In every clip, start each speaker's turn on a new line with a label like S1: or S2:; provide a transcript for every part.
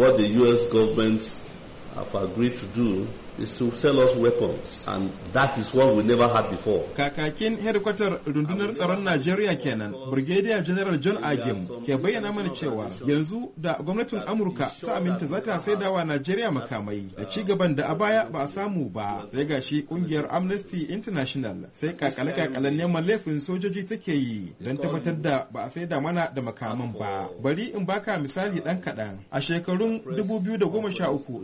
S1: what the US government have agreed to do is to sell us weapons and that is what we never had before. Kakakin hedikwatar rundunar tsaron Najeriya kenan Brigadier General John Agim ke bayyana mana cewa yanzu da gwamnatin Amurka ta aminta za ta sai wa Najeriya makamai da ci gaban da a baya ba a samu ba sai gashi kungiyar Amnesty International sai kakale-kakalen neman laifin sojoji take yi don tabbatar da ba a da mana da makaman ba. Bari in baka misali dan kaɗan a shekarun 2013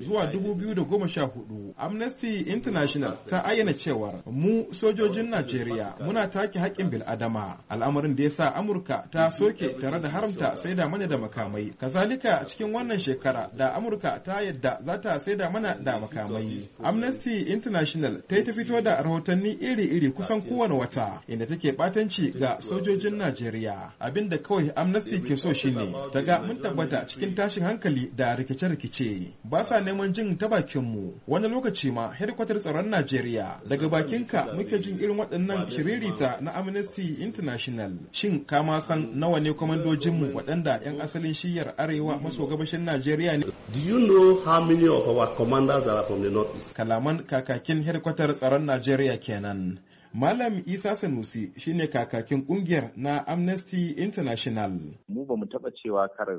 S1: zuwa 2014 amnesty international ta ayyana cewar mu sojojin najeriya muna take haƙƙin bil'adama al'amarin da ya sa amurka ta soke tare da haramta saida mana da makamai kazalika cikin wannan shekara da amurka ta yadda za ta saida mana da makamai amnesty international ta yi ta fito da rahotanni iri-iri kusan kowane wata inda take batanci ga sojojin najeriya abinda kawai amnesty ke so shine ga mun tabbata cikin tashin hankali da rikice-rikice ba sa neman jin ta bakinmu wani lokaci lokaci ma hedikwatar tsaron Najeriya daga bakin ka muke jin irin waɗannan shiririta na Amnesty International. Shin ka ma san nawa ne kwamandojinmu waɗanda 'yan asalin shiyar arewa maso gabashin Najeriya ne? Do you know how many of our commanders are from the northeast? Kalaman kakakin hedikwatar tsaron Najeriya kenan. Malam Isa Sanusi shine kakakin kungiyar na Amnesty International.
S2: Mu ba mu taba cewa kar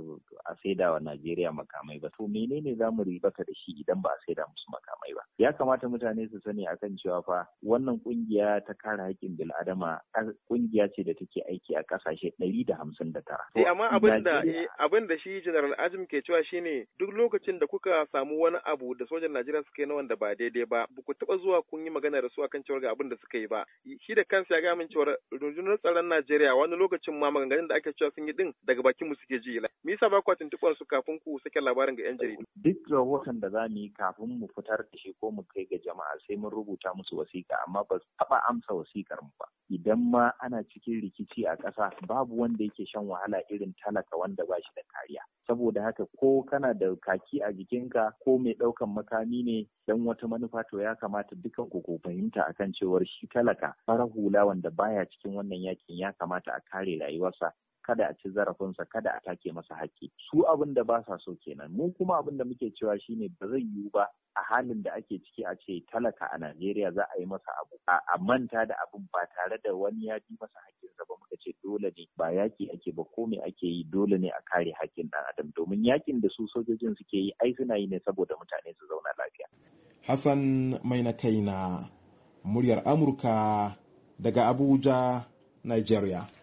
S2: a saida wa Najeriya makamai ba. To menene za mu ribata da shi idan ba a saida musu makamai ba? Ya kamata mutane su sani akan cewa fa wannan kungiya ta kare haƙƙin bil'adama kungiya ce da take aiki a ƙasashe ɗari da hamsin da tara. Eh amma
S3: eh, abin da shi General Azim ke cewa shine duk lokacin da kuka samu wani abu da sojan Najeriya suka yi na wanda ba daidai ba, ba ku taɓa zuwa kun yi magana da su akan cewa ga abin da suka yi ba. shi da kansa ya gamin cewa rundunar tsaron Najeriya wani lokacin ma maganganun da ake cewa sun yi din daga bakin mu suke ji ila. Me yasa ba ku tuntuɓar su kafin ku sake labarin ga 'yan jaridu?
S2: Duk rahoton da za mu yi kafin mu fitar da shi ko mu kai ga jama'a sai mun rubuta musu wasiƙa amma ba su taɓa amsa wasiƙar mu ba. Idan ma ana cikin rikici a ƙasa babu wanda yake shan wahala irin talaka wanda ba shi da kariya. saboda haka ko kana da kaki a jikinka ko mai ɗaukan makami ne don wata manufa to ya kamata dukan ku fahimta fahimta akan cewar shi talaka fara hula wanda baya cikin wannan yakin ya kamata a kare rayuwarsa kada a ci zarafinsa kada a take masa haƙƙi su abin da ba sa so kenan mu kuma abin da muke cewa shine ba zai yiwu ba a halin da ake ciki a ce talaka a Najeriya za a yi masa abu a manta da abin ba tare da wani ya bi masa haƙƙinsa ba muka ce dole ne ba yaƙi ake ba ko me ake yi dole ne a kare haƙƙin ɗan adam domin yaƙin da su sojojin suke yi ai suna yi ne saboda mutane su zauna lafiya.
S1: Hassan mai na kaina muryar Amurka daga Abuja, Nigeria.